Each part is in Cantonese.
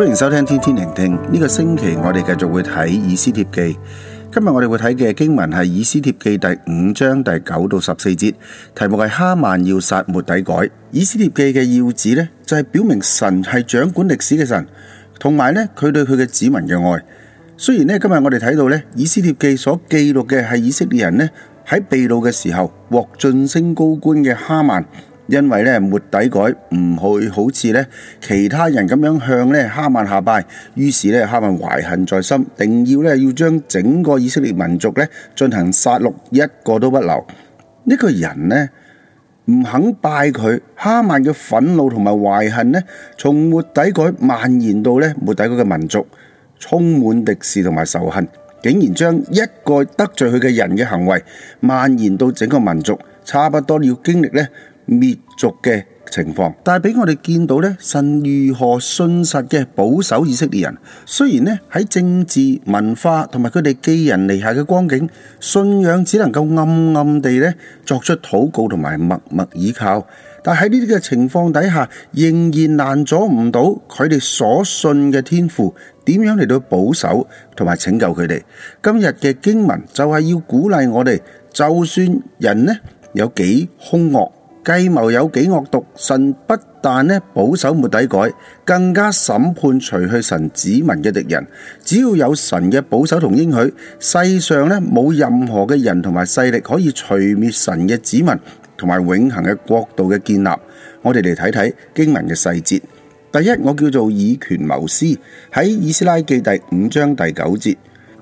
歡迎收聽天天聆聽。呢個星期我哋繼續會睇《以斯帖記》，今日我哋會睇嘅經文係《以斯帖記》第五章第九到十四節，題目係哈曼要殺末底改。《以斯帖記》嘅要旨呢，就係表明神係掌管歷史嘅神，同埋呢佢對佢嘅子民嘅愛。雖然呢今日我哋睇到呢《以斯帖記》所記錄嘅係以色列人呢喺被擄嘅時候獲晉升高官嘅哈曼。因為咧，末底改唔會好似咧其他人咁樣向咧哈曼下拜。於是咧，哈曼懷恨在心，定要咧要將整個以色列民族咧進行殺戮，一個都不留。呢個人咧唔肯拜佢，哈曼嘅憤怒同埋懷恨咧，從末底改蔓延到咧末底改嘅民族，充滿敵視同埋仇恨，竟然將一個得罪佢嘅人嘅行為蔓延到整個民族，差不多要經歷咧。滅族嘅情況，但係俾我哋見到咧神如何信實嘅保守以色列人。雖然咧喺政治文化同埋佢哋寄人籬下嘅光景，信仰只能夠暗暗地咧作出禱告同埋默默倚靠。但係喺呢啲嘅情況底下，仍然難阻唔到佢哋所信嘅天父點樣嚟到保守同埋拯救佢哋。今日嘅經文就係要鼓勵我哋，就算人咧有幾兇惡，計謀有幾惡毒？神不但呢保守末底改，更加審判除去神子民嘅敵人。只要有神嘅保守同應許，世上呢冇任何嘅人同埋勢力可以除滅神嘅子民同埋永恆嘅國度嘅建立。我哋嚟睇睇經文嘅細節。第一，我叫做以權謀私喺以斯帖記第五章第九節，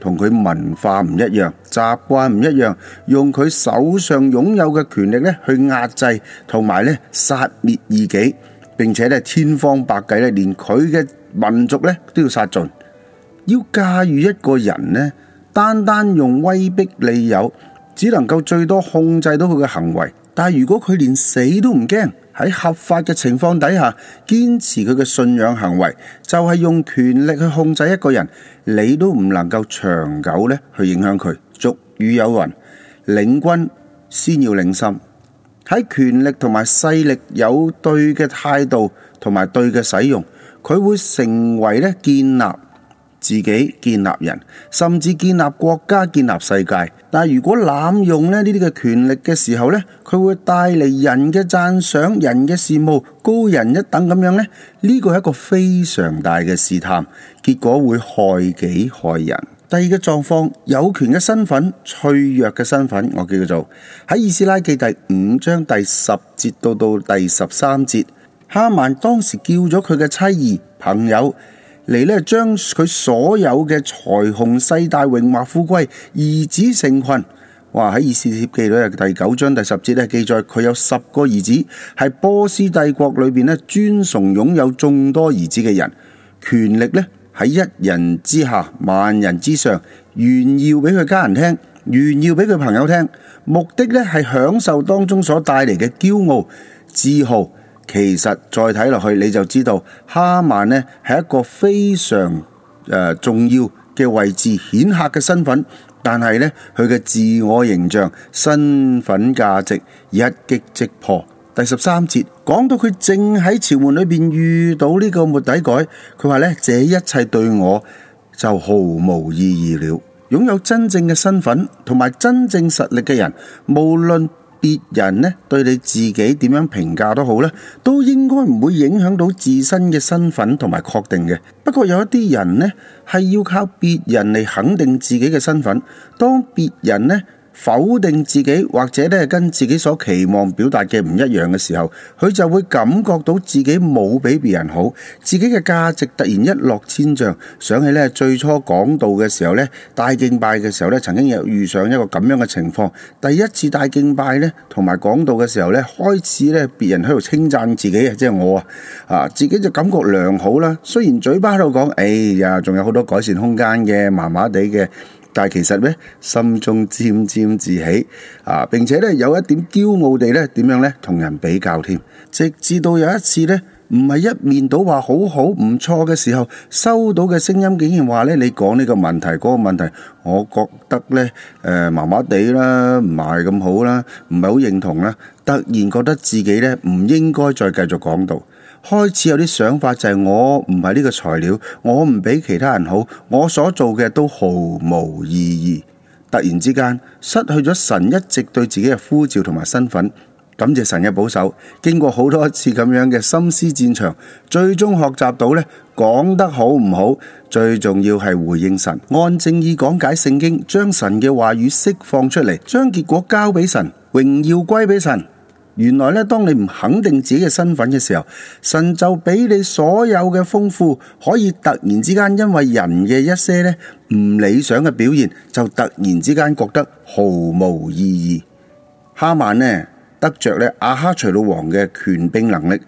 同佢文化唔一樣，習慣唔一樣，用佢手上擁有嘅權力咧去壓制，同埋咧殺滅異己，並且咧千方百計咧連佢嘅民族咧都要殺盡。要駕馭一個人咧，單單用威逼利誘，只能夠最多控制到佢嘅行為。但係如果佢連死都唔驚。喺合法嘅情況底下，堅持佢嘅信仰行為，就係用權力去控制一個人，你都唔能夠長久咧去影響佢。俗語有云：領軍先要領心。喺權力同埋勢力有對嘅態度同埋對嘅使用，佢會成為咧建立。自己建立人，甚至建立國家、建立世界。但係如果濫用咧呢啲嘅權力嘅時候呢，佢會帶嚟人嘅讚賞、人嘅羨慕、高人一等咁樣呢，呢個係一個非常大嘅試探，結果會害己害人。第二個狀況，有權嘅身份、脆弱嘅身份，我叫佢做喺以斯帖記第五章第十節到到第十三節，哈曼當時叫咗佢嘅妻兒朋友。嚟咧，將佢所有嘅財雄勢大、榮華富貴、兒子成群。哇！喺《以斯帖記》裏邊第九章第十節咧記載，佢有十個兒子，係波斯帝國裏邊咧尊崇擁有眾多兒子嘅人，權力咧喺一人之下、萬人之上，炫耀俾佢家人聽，炫耀俾佢朋友聽，目的咧係享受當中所帶嚟嘅驕傲、自豪。其實再睇落去，你就知道哈曼咧係一個非常誒、呃、重要嘅位置，顯赫嘅身份，但係呢，佢嘅自我形象、身份價值一擊即破。第十三節講到佢正喺朝門裏邊遇到呢個末底改，佢話呢，這一切對我就毫無意義了。擁有真正嘅身份同埋真正實力嘅人，無論，別人咧對你自己點樣評價都好咧，都應該唔會影響到自身嘅身份同埋確定嘅。不過有一啲人咧係要靠別人嚟肯定自己嘅身份，當別人咧，否定自己或者咧跟自己所期望表達嘅唔一樣嘅時候，佢就會感覺到自己冇比別人好，自己嘅價值突然一落千丈。想起咧最初講道嘅時候咧，帶敬拜嘅時候咧，曾經有遇上一個咁樣嘅情況。第一次帶敬拜咧，同埋講道嘅時候咧，開始咧，別人喺度稱讚自己啊，即係我啊，啊，自己就感覺良好啦。雖然嘴巴度講，哎呀，仲有好多改善空間嘅，麻麻地嘅。但其實咧，心中沾沾自喜啊，並且咧有一點驕傲地咧，點樣咧同人比較添，直至到有一次咧，唔係一面到話好好唔錯嘅時候，收到嘅聲音竟然話咧，你講呢個問題嗰個問題，我覺得咧誒麻麻地啦，唔係咁好啦，唔係好認同啦，突然覺得自己咧唔應該再繼續講到。開始有啲想法就係我唔係呢個材料，我唔比其他人好，我所做嘅都毫無意義。突然之間失去咗神一直對自己嘅呼召同埋身份，感謝神嘅保守。經過好多次咁樣嘅心思戰場，最終學習到咧講得好唔好，最重要係回應神，按正意講解聖經，將神嘅話語釋放出嚟，將結果交俾神，榮耀歸俾神。原來咧，當你唔肯定自己嘅身份嘅時候，神就俾你所有嘅豐富，可以突然之間因為人嘅一些咧唔理想嘅表現，就突然之間覺得毫無意義。哈曼呢得着咧亞哈隨魯王嘅權柄能力，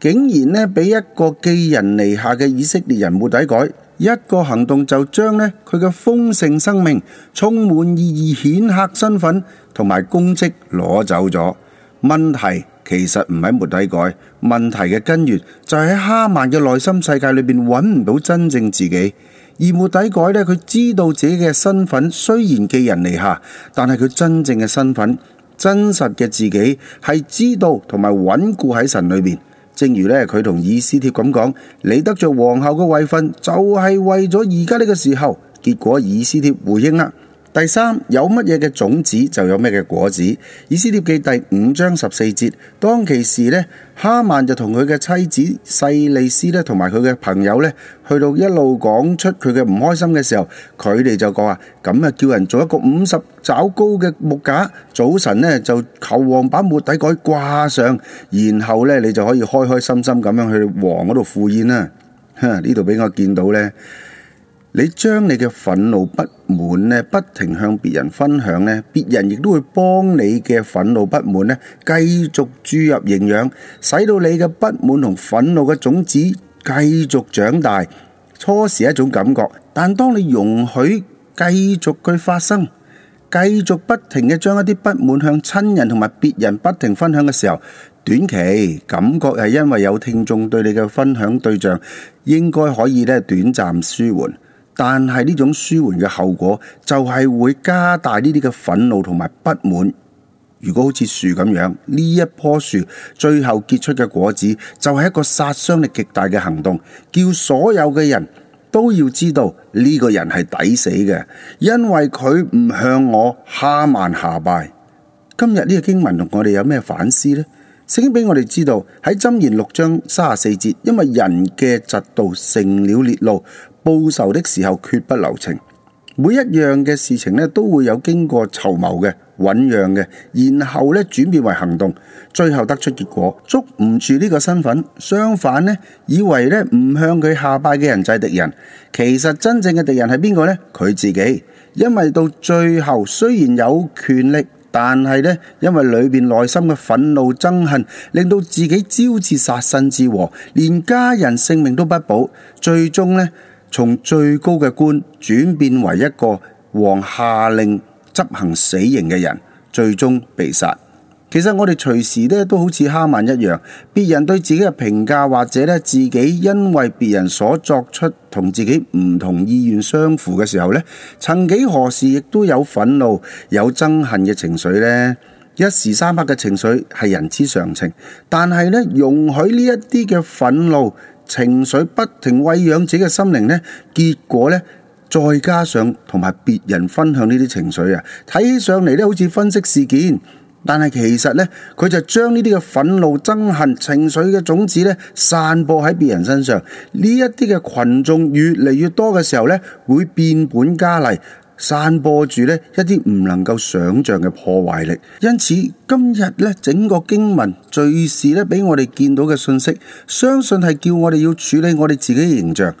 竟然呢俾一個寄人籬下嘅以色列人末底改，一個行動就將呢佢嘅豐盛生命充滿意義顯赫身份同埋公職攞走咗。問題其實唔係，末底改，問題嘅根源就喺哈曼嘅內心世界裏邊揾唔到真正自己。而末底改呢，佢知道自己嘅身份雖然寄人籬下，但係佢真正嘅身份、真實嘅自己係知道同埋穩固喺神裏面。正如呢，佢同以斯帖咁講：「你得着皇后嘅位分，就係為咗而家呢個時候。結果以斯帖回應啦。第三，有乜嘢嘅種子就有咩嘅果子。以斯帖記第五章十四節，當其時呢，哈曼就同佢嘅妻子細利斯咧，同埋佢嘅朋友呢去到一路講出佢嘅唔開心嘅時候，佢哋就講啊，咁啊叫人做一個五十肘高嘅木架，早晨呢，就求王把末底改掛上，然後呢，你就可以開開心心咁樣去王嗰度赴宴啦。吓，呢度俾我見到呢。你將你嘅憤怒不滿咧，不停向別人分享咧，別人亦都會幫你嘅憤怒不滿咧，繼續注入營養，使到你嘅不滿同憤怒嘅種子繼續長大。初時係一種感覺，但當你容許繼續去發生，繼續不停嘅將一啲不滿向親人同埋別人不停分享嘅時候，短期感覺係因為有聽眾對你嘅分享對象，應該可以咧短暫舒緩。但係呢種舒緩嘅後果，就係、是、會加大呢啲嘅憤怒同埋不滿。如果好似樹咁樣，呢一棵樹最後結出嘅果子，就係、是、一個殺傷力極大嘅行動，叫所有嘅人都要知道呢、這個人係抵死嘅，因為佢唔向我哈曼下拜。今日呢個經文同我哋有咩反思呢？聖經俾我哋知道喺箴言，六章三十四節，因為人嘅嫉妒成了烈怒，報仇的時候決不留情。每一樣嘅事情咧都會有經過籌謀嘅醞釀嘅，然後咧轉變為行動，最後得出結果。捉唔住呢個身份，相反咧以為咧唔向佢下拜嘅人就係敵人，其實真正嘅敵人係邊個咧？佢自己，因為到最後雖然有權力。但係咧，因為裏邊內心嘅憤怒憎恨，令到自己招致殺身之禍，連家人性命都不保，最終咧從最高嘅官轉變為一個王下令執行死刑嘅人，最終被殺。其實我哋隨時咧都好似哈曼一樣，別人對自己嘅評價或者咧自己因為別人所作出同自己唔同意願相符嘅時候咧，曾幾何時亦都有憤怒、有憎恨嘅情緒呢，一時三刻嘅情緒係人之常情，但係咧容許呢一啲嘅憤怒情緒不停餵養自己嘅心靈呢，結果呢，再加上同埋別人分享呢啲情緒啊，睇起上嚟咧好似分析事件。但係其實呢，佢就將呢啲嘅憤怒、憎恨、情緒嘅種子呢散播喺別人身上。呢一啲嘅群眾越嚟越多嘅時候呢，會變本加厲散播住呢一啲唔能夠想象嘅破壞力。因此今日呢，整個經文敘事呢俾我哋見到嘅信息，相信係叫我哋要處理我哋自己嘅形象，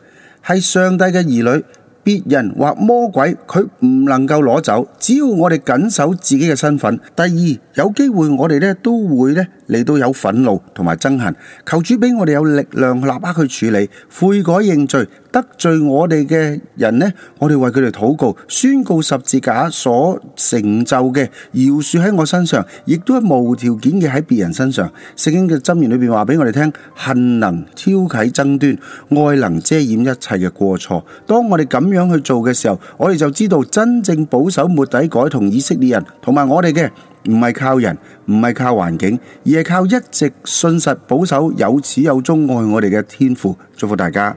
係上帝嘅兒女。別人或魔鬼，佢唔能夠攞走，只要我哋緊守自己嘅身份。第二，有機會我哋咧都會咧。你都有憤怒同埋憎恨，求主俾我哋有力量立刻去處理悔改認罪得罪我哋嘅人呢，我哋為佢哋禱告，宣告十字架所成就嘅饒恕喺我身上，亦都係無條件嘅喺別人身上。聖經嘅箴言裏邊話俾我哋聽：恨能挑起爭端，愛能遮掩一切嘅過錯。當我哋咁樣去做嘅時候，我哋就知道真正保守末底改同以色列人同埋我哋嘅。唔係靠人，唔係靠環境，而係靠一直信實保守有始有終愛我哋嘅天父。祝福大家！